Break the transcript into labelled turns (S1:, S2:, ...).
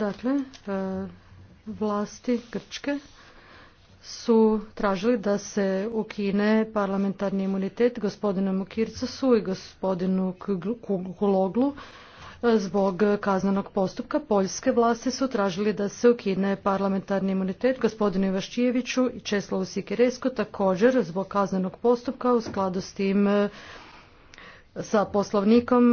S1: Dakle, e, vlasti Grčke su tražili da se ukine parlamentarni imunitet gospodinu mukircasu i gospodinu Kuloglu e, zbog kaznenog postupka. Poljske vlasti su tražili da se ukine parlamentarni imunitet gospodinu Ivaščijeviću i Česlavu Sikiresku također zbog kaznenog postupka u skladu s tim e,
S2: sa poslovnikom